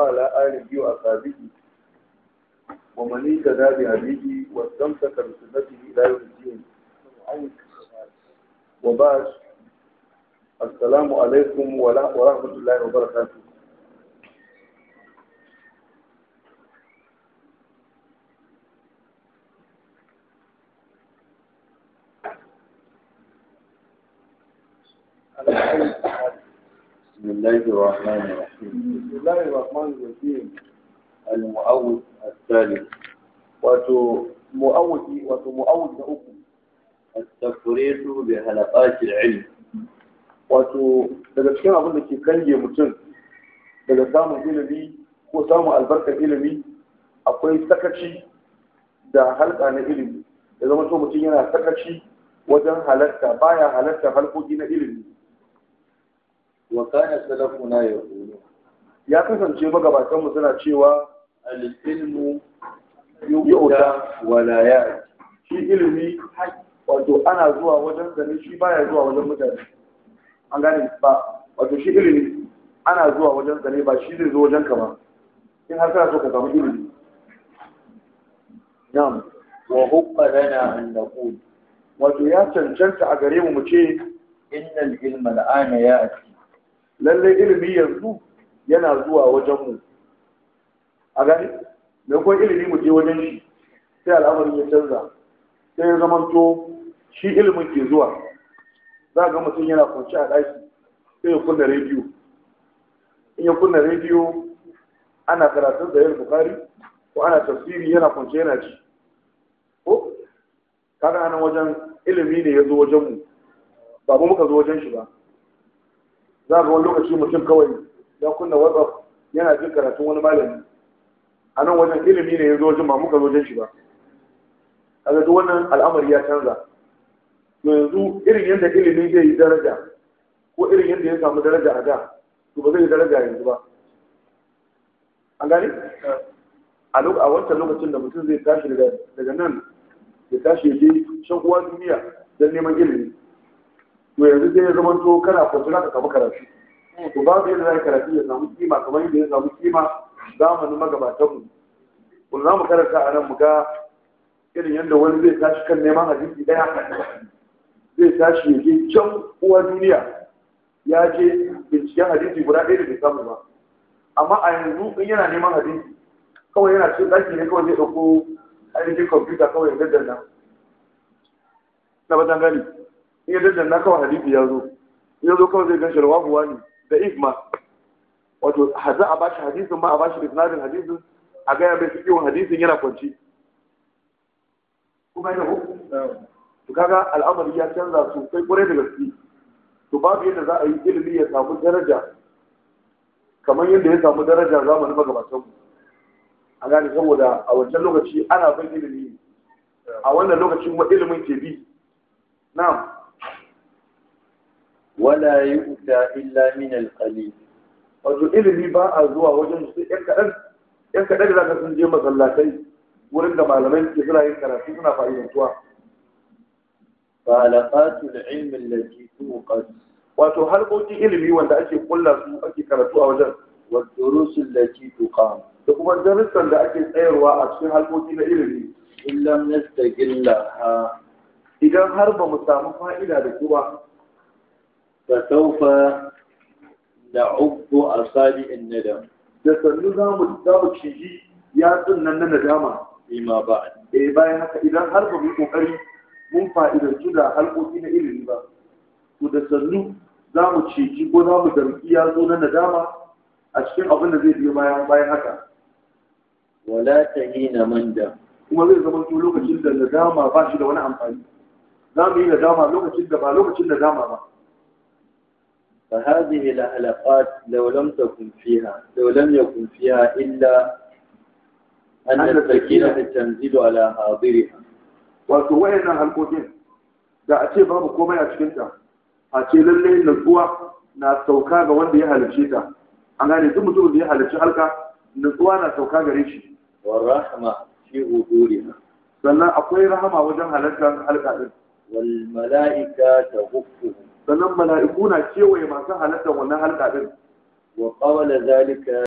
وعلى آله وأصحابه ومن اهتدى بهديه واستمسك بسنته إلى يوم الدين وبعد السلام عليكم ورحمة الله وبركاته Thank you. بسم الله الرحمن الرحيم بسم الله الرحمن الرحيم المؤول الثالث uku at-tafridu bi halaqati al daga cikin abin da ke kange mutum daga samun ko samun albarkar ilimi akwai sakaci da halka na ilimi da zama so mutum yana sakaci wajen halatta baya halatta halkoki na ilimi wa kana salafuna yaqulu ya kasance magabatanmu suna cewa al-ilmu yu'ta wa la ya'ti shi ilimi wato ana zuwa wajen zane shi baya zuwa wajen mutane an gane ba wato shi ilimi ana zuwa wajen zane ba shi zai zo wajen ka ba in har kana so ka samu ilimi na'am wa hubba lana an naqul wato ya cancanta a gare mu mu ce innal ilma al'ana ya'ti lallai ilimi yanzu yana zuwa wajenmu a gani mai kuma ilimi mu je wajen shi sai al'amarin ya canza sai ya zamanto shi ilimin ke zuwa za ga mutum yana kwanci a ɗaki sai ya kunna rediyo in ya kunna rediyo ana karatun da yin bukari ko ana tafsiri yana kwanci yana ci ko kaga anan wajen ilimi ne ya zo wajenmu ba mu muka zo wajen shi ba za ga wani lokaci mutum kawai ya kunna whatsapp yana jin karatun wani malami a nan wajen ilimi ne ya zo wajen ba muka zo wajen shi ba a ga wannan al'amari ya canza to yanzu irin yadda ilimi zai yi daraja ko irin yadda ya samu daraja a da to ba zai yi daraja yanzu ba an gani a wancan lokacin da mutum zai tashi daga nan ya tashi ya je shan uwa duniya don neman ilimi to yanzu zai ya zama to kana kwanci ka samu karatu to ba zai zai karatu ya samu kima kamar yadda ya samu kima zamanin magabatanmu kun za mu karanta a nan mu ga irin yadda wani zai tashi kan neman hadisi daya zai tashi ya je can uwa duniya ya je binciken hadisi guda ɗaya da bai samu ba amma a yanzu in yana neman hadisi kawai yana cikin ɗaki ne kawai zai ɗauko ainihin kwamfuta kawai ya daddana na ba gani in ya daddanna kawai hadisi ya zo ya zo kawai zai gan shi rawahu wani da ifma wato za a bashi hadisin ma a bashi isnadin hadisin a gaya mai fikiyon hadisin yana kwanci kuma yana to kaga al'amari ya canza sosai kwarai da gaske to babu yadda za a yi ilimi ya samu daraja kamar yadda ya samu daraja zamanin magabatanmu a gane saboda a wancan lokaci ana bin ilimi a wannan lokacin wa ilimin ke bi na'am wala yi yu'ta illa min al wato ilimi ba a zuwa wajen su ɗan kaɗan ɗan kaɗan da zaka sun je masallatai wurin da malamai ke suna yin karatu suna fa'idantuwa falaqatul ilmi allati tuqas wato harkokin ilimi wanda ake kulla su ake karatu a wajen wa durusul lati tuqam da kuma darussan da ake tsayarwa a cikin harkoki na ilimi illam nastagilla idan har ba mu samu fa'ida da kuma فسوف نعب أصابع الندم da sannu za mu za mu ciji yatsun nan na nadama ima ba eh bayan haka idan har ba mu kokari mun fa'idantu da halƙoƙi na irin ba to da sannu za mu ciji ko za mu damƙi yatsu na nadama a cikin abin da zai biyo bayan bayan haka wala ta tahina manda kuma zai zama to lokacin da nadama ba shi da wani amfani za mu yi nadama lokacin da ba lokacin nadama ba فهذه الحلقات لو لم تكن فيها لو لم يكن فيها إلا أن السكينة تنزل على حاضرها wato wayannan halkokin da a ce babu komai a cikinta a ce lallai nutsuwa na sauka ga wanda ya halarci ta an gane duk mutumin da ya halarci halka nutsuwa na sauka gare shi wa rahama fi huduriha sannan akwai rahama wajen halartar halka din wal mala'ika tahuffuhum sannan mala'iku na kewaye masu halatta wannan halka din wa qawla zalika